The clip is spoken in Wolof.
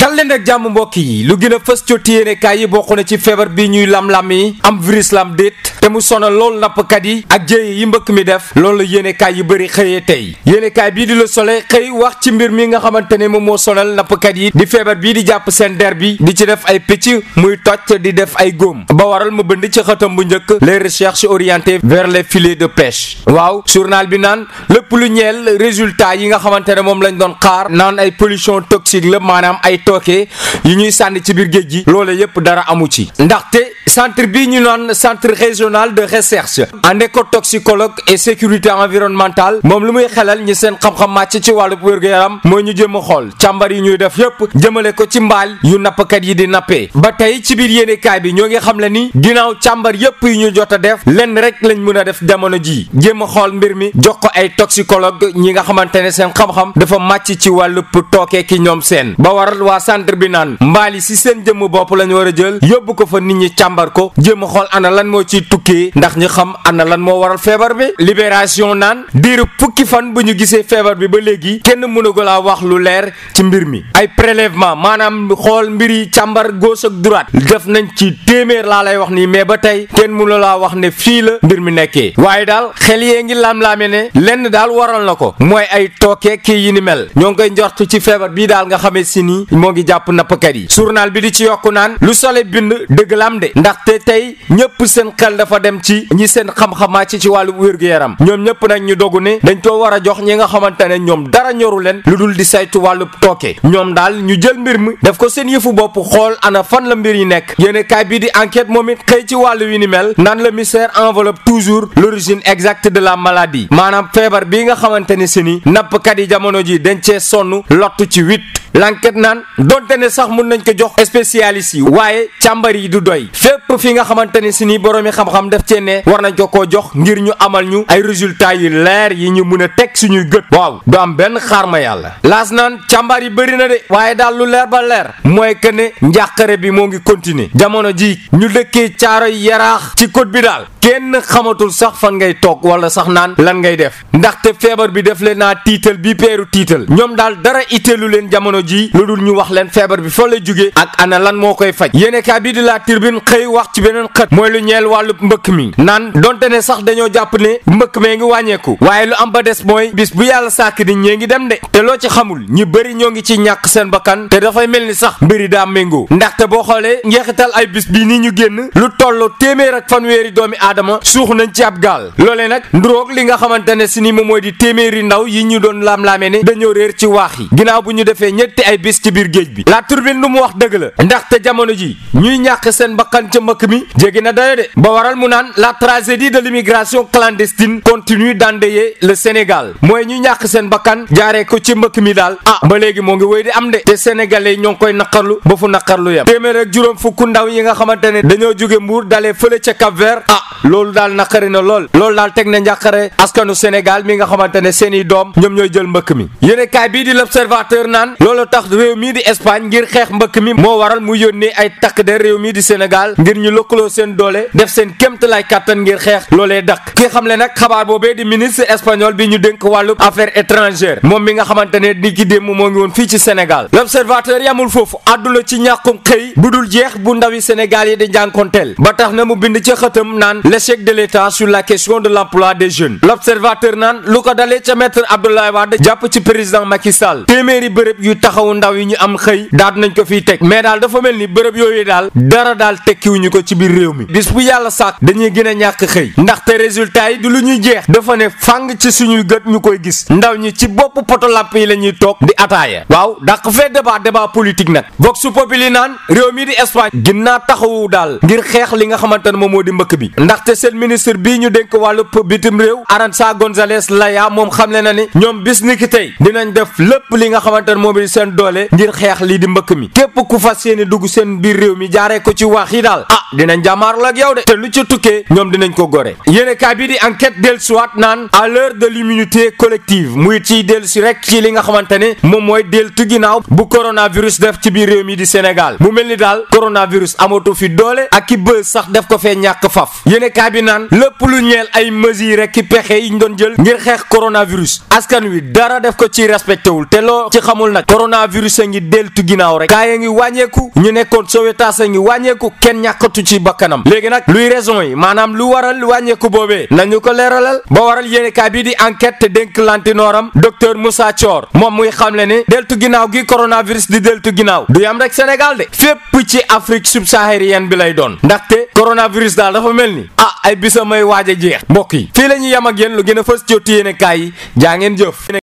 dal leen ak jàmm mbokk yi lu gën a fës coti yéenekaay yi bokk na ci feebar bi ñuy lam-lam yi am virus lam déet te mu sonal lool nappkat yi ak jéye yi mbëkk mi def loolu la yéenekaay yu bëri xëyee tey yéenekaay bii di la Soleil xëy wax ci mbir mi nga xamante ne moom moo sonal nappkat yi di feebar bii di jàpp seen der bi di ci def ay picc muy toj di def ay góom ba waral ma bënd ci xëtam bu njëkk le recherches orientées vers le filets de pêche waaw journal bi naan lépp lu ñeel résultat yi nga xamante ne moom lañ doon xaar naan ay pollution toxique la maanaam ay tooke yi ñuy sànni ci biir géej gi loole yépp dara amu ci ndaxte centre bi ñu naan centre régionale de recherche nekko écotoxicologue et sécurité environnementale moom lu muy xelal ñi seen xam-xam màcc ci wàllu wér-gu-yaram mooy ñu jëm a xool càmbar yi ñuy def yépp jëmale ko ci mbaal yu nappkat yi di nappee ba tey ci biir yéenekaay bi ñoo ngi xam le ni ginnaaw càmbar yépp yu ñu jot a def lenn rek lañ mën a def jamono ji jéem a xool mbir mi jox ko ay toxicologue ñi nga xamante ne seen xam dafa màcc ci wàllu tooke ñoom seen waa centre bi naan mbaal yi si seen jëmm bopp lañ war a jël yóbbu ko fa nit ñi càmbar ko jéem a xool ana lan moo ciy tukkee ndax ñu xam ana lan moo waral feebar bi libération naan diiru fukki fan bu ñu gisee feebar bi ba léegi kenn mënagu laa wax lu leer ci mbir mi ay prélèvement maanaam xool mbir yi càmbar gauche ak droite def nañ ci téeméer laa lay wax nii mais ba tey kenn mënu laa wax ne fii la mbir mi nekkee waaye daal xel yee ngi laam-laame ne lenn daal waral na moo ngi jàpp nappkat yi journal bi di ci yokku naan lu sole bind dëgg lam de ndaxte tey ñëpp seen xel dafa dem ci ñi seen xam-xamaa ci ci wàllu wér-gu-yaram ñoom ñëpp nañ ñu dogu ne dañ ko war a jox ñi nga xamante ne ñoom dara ñoru leen lu dul di saytu wàllu tooke ñoom daal ñu jël mbir mi def ko seen yëfu bopp xool ana fan la mbir yi nekk yéene kaay bi di enquête moom it xëy ci wàllu wi ni mel naan le mystère enveloppe toujours l'origine exacte de la maladie maanaam feebar bi nga xamante ni nappkat yi jamono ji dañ cee donte ne sax mun nañ ko jox spécialiste yi waaye càmbar yi du doy fépp fi nga xamante ne si ni boroomi xam-xam daf cee ne war nañ ko koo jox ngir ñu amal ñu ay résultats yi leer yi ñu mun a teg suñuy gët waaw du am benn xaarma yàlla laas naan càmbar yi bëri na de waaye daal lu leer ba leer mooy que ne njàqare bi moo ngi continuer jamono ji ñu dëkkee caaro yaraax ci côte bi daal kenn xamatul sax fan ngay toog wala sax naan lan ngay def ndaxte feebar bi def leen naa tiital bi peeru tiital ñoom ji wax leen feebar bi foo lay jugee ak ana lan moo koy faj yéenekaay bii di la Tribune xëy wax ci beneen xët mooy lu ñeel wàllu mbëkk mi naan donte ne sax dañoo jàpp ne mbëkk mee ngi wàññeeku waaye lu am ba des mooy bis bu yàlla sàkk di ñee ngi dem de te loo ci xamul ñi bëri ñoo ngi ci ñàkk seen bakkan te dafay mel ni sax mbiri daa méngoo ndaxte boo xoolee njeexital ay bis bii nii ñu génn lu toll téeméer ak fanweeri doomi aadama suux nañ ci ab gaal loolee nag nduroog li nga xamante ne si ni moom di téeméeri ndaw yi ñu doon laam-laamee ne dañoo réer ci waax yi ginnaaw bu ñu ay bis ci biir la turbine lu mu wax deug la te jamono ji ñuy ñàq seen bakkan ci mbëkk mi jéggi na dayo de ba waral mu naan la tragédie de l'immigration clandestine continue d'endayer le Sénégal mooy ñuy ñàq seen bakkan jaaree ko ci mbëkk mi daal ah ba léegi moo ngi wéy di am de te sénégalais ñoo ngi koy naqarlu ba fu naqarlu yam téeméer ak juróom fukk ndaw yi nga xamante ne dañoo jóge mbuur dalee fële ca Cap Vert ah loolu daal naqari na lool loolu daal teg na njàqare askanu Sénégal mi nga xamante ne seeni doom ñoom ñooy jël mbëkk mi bii di l'observateur naan loolu tax réew mii di Espagne ngir xex mbëkk mi mo waral mu yonne ay takk de réew mi di Sénégal ngir ñu lëkkaloo sen doole def sen kemt lay kàttan ngir xex lolé dak ki xamlé nak xabaar di ministre espagnol bi ñu dénk walu affaire étrangère mom mi nga xamante ni ki dem mo ngi won fi ci Sénégal l'observateur yamul foofu àdduna ci ñàkkum xey budul jeex bu ndawi Sénégal yi di jankontel ba tax na mu bind ci xëtam naan l'échec de l'État sur la question de l'emploi des jeunes l'observateur nan lu ko dalee ca maître Abdoulaye Wade japp ci président Macky Sall téeméeri bërëb yu taxaw ndaw yi ñu am xëy daal nañ ko fiy teg mais daal dafa mel ni bërëb yooyu daal dara daal ñu ko ci biir réew mi bis bu yàlla sàkk dañuy gën a ñàkk xëy ndax te résultat yi du lu ñuy jeex dafa ne fàng ci suñuy gët ñu koy gis ndaw ñi ci bopp poto làmp yi la ñuy toog di ataaya waaw dàq fee débat débat politique nag vox populi naan réew mi di Espagne ginnaa taxawu daal ngir xeex li nga xamante ne moom moo di mbëkk bi ndaxte seen ministre bii ñu dénk wàllu bitim réew Arantxa la Laya moom xamle na ne ñoom bis ni ki tey dinañ def lépp li nga xamante ne moom di seen doole ngir xeex lii di mbëkk mi képp ku fas yéene dugg seen biir réew mi jaaree ko ci wax yi daal ah, dinañ jàmmaarloo ak yow de te lu ci tukkee ñoom dinañ ko gore yéenekaay bi di enquête dellusiwaat naan à l'heure de l'immunité collective muy ciy dellusi rek ci li nga xamante ne moom mooy deltu ginnaaw bu coronavirus def ci biir réew mi di Sénégal mu mel ni daal coronavirus amato fi doole ak ki bës sax def ko fee ñàkk faf yéenekaay bi naan lëpp lu ñeel ay mesures rek ki pexe yi ñu jël ngir xeex coronavirus askan wi dara def ko ci respecté wul te loo ci xamul nag coronavirus a ngi deltu ginnaaw rek kaa ya ngi wàññeeku ñu nekkoon Sowetaas a ngi wàññeeku kenn ñàkkatu ci bakkanam léegi nag dëkk boobee nañu ko leeralal ba waral yéenekaay bii di enquête te dénk lantinooram docteur Moussa Thior moom muy xamle ne deltu ginnaaw gi coronavirus di deltu ginnaaw du yam rek Sénégal de fépp ci Afrique subsaharienne bi lay doon ndaxte coronavirus daal dafa mel ni ah, a ay bisa may waaja jeex mbokk yi fii la ñuy yam ak yenn lu gën a fës jot yéenekaay yi jaa ngeen jëf